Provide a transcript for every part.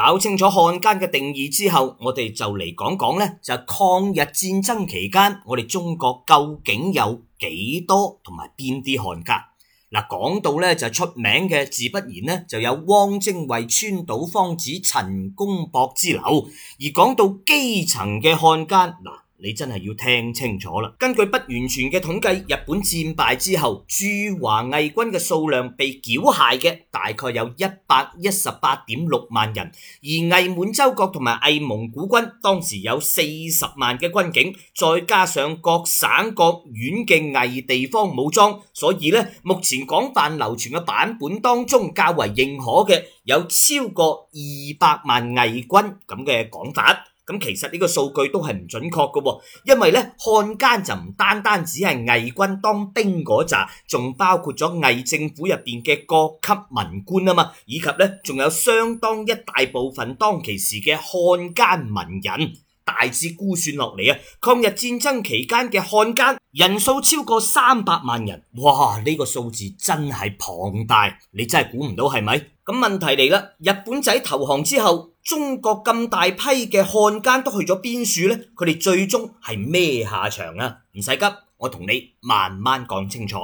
搞清楚漢奸嘅定義之後，我哋就嚟講講呢，就係抗日戰爭期間，我哋中國究竟有幾多同埋邊啲漢奸？嗱，講到呢，就出名嘅，自不然呢，就有汪精衛、川島芳子、陳公博之流；而講到基層嘅漢奸嗱。你真係要聽清楚啦！根據不完全嘅統計，日本戰敗之後，駐華偽軍嘅數量被繳械嘅，大概有一百一十八點六萬人。而偽滿洲國同埋偽蒙古軍當時有四十萬嘅軍警，再加上各省各縣嘅偽地方武裝，所以呢，目前廣泛流傳嘅版本當中較為認可嘅，有超過二百萬偽軍咁嘅講法。咁其實呢個數據都係唔準確嘅喎，因為咧漢奸就唔單單只係偽軍當兵嗰扎，仲包括咗偽政府入邊嘅各級文官啊嘛，以及咧仲有相當一大部分當其時嘅漢奸文人。大致估算落嚟啊，抗日戰爭期間嘅漢奸。人數超過三百萬人，哇！呢個數字真係龐大，你真係估唔到係咪？咁問題嚟啦，日本仔投降之後，中國咁大批嘅漢奸都去咗邊處呢？佢哋最終係咩下場啊？唔使急，我同你慢慢講清楚。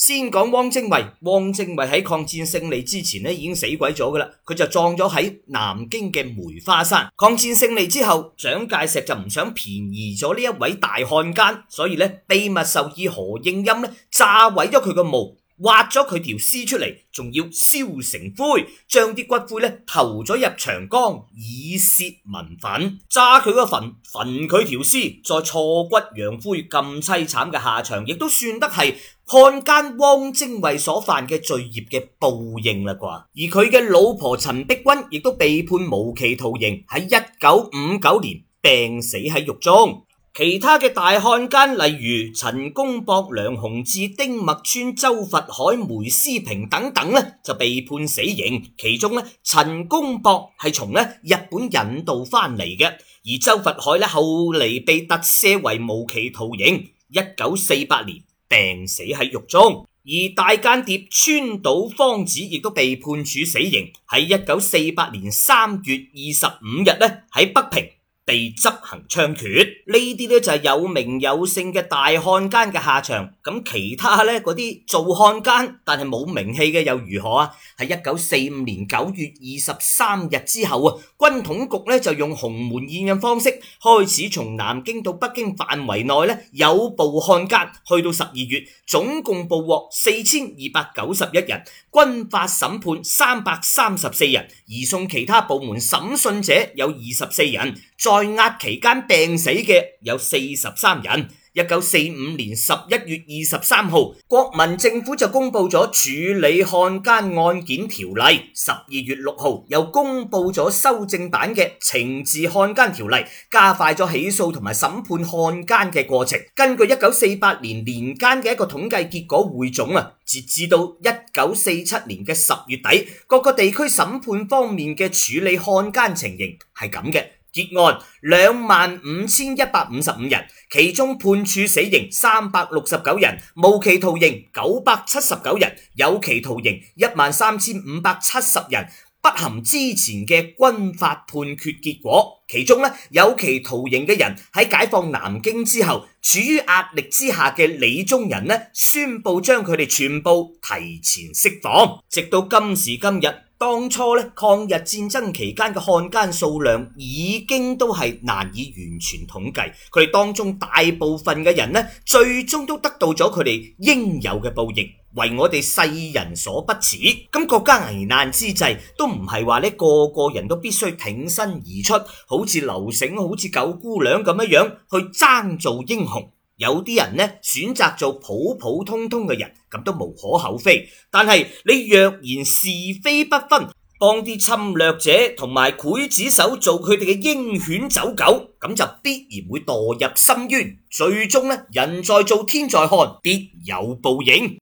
先講汪精衛，汪精衛喺抗戰勝利之前已經死鬼咗㗎喇，佢就葬咗喺南京嘅梅花山。抗戰勝利之後，蔣介石就唔想便宜咗呢位大漢奸，所以咧秘密授意何應欽咧炸毀咗佢個墓。挖咗佢條屍出嚟，仲要燒成灰，將啲骨灰咧投咗入長江以泄民憤。炸佢個墳，焚佢條屍，再挫骨揚灰，咁淒慘嘅下場，亦都算得係漢奸汪精衛所犯嘅罪孽嘅報應啦啩。而佢嘅老婆陳璧君亦都被判無期徒刑，喺一九五九年病死喺獄中。其他嘅大漢奸，例如陳公博、梁鴻志、丁默村、周佛海、梅思平等等呢就被判死刑。其中呢，陳公博係從呢日本引渡翻嚟嘅，而周佛海呢，後嚟被特赦為無期徒刑，一九四八年病死喺獄中。而大間諜川島芳子亦都被判處死刑，喺一九四八年三月二十五日呢，喺北平。被執行槍決。呢啲呢就係有名有姓嘅大漢奸嘅下場。咁其他呢，嗰啲做漢奸但係冇名氣嘅又如何啊？喺一九四五年九月二十三日之後啊，軍統局呢就用鴻門宴嘅方式，開始從南京到北京範圍內呢誘捕漢奸。去到十二月，總共捕獲四千二百九十一人，軍法審判三百三十四人，移送其他部門審訊者有二十四人。再在押期間病死嘅有四十三人。一九四五年十一月二十三號，國民政府就公布咗處理漢奸案件條例。十二月六號又公布咗修正版嘅懲治漢奸條例，加快咗起訴同埋審判漢奸嘅過程。根據一九四八年年間嘅一個統計結果匯總啊，截至到一九四七年嘅十月底，各個地區審判方面嘅處理漢奸情形係咁嘅。結案兩萬五千一百五十五人，其中判處死刑三百六十九人，無期徒刑九百七十九人，有期徒刑一萬三千五百七十人，不含之前嘅軍法判決結果。其中呢，有期徒刑嘅人喺解放南京之後，處於壓力之下嘅李宗仁呢，宣布將佢哋全部提前釋放，直到今時今日。當初呢，抗日戰爭期間嘅漢奸數量已經都係難以完全統計，佢哋當中大部分嘅人呢，最終都得到咗佢哋應有嘅報應，為我哋世人所不齒。咁國家危難之際，都唔係話呢個個人都必須挺身而出，好似劉醒，好似九姑娘咁一樣去爭做英雄。有啲人呢，選擇做普普通通嘅人，咁都無可厚非。但係你若然是非不分，幫啲侵略者同埋劊子手做佢哋嘅鷹犬走狗，咁就必然會墮入深淵。最終呢，人在做天在看，必有報應。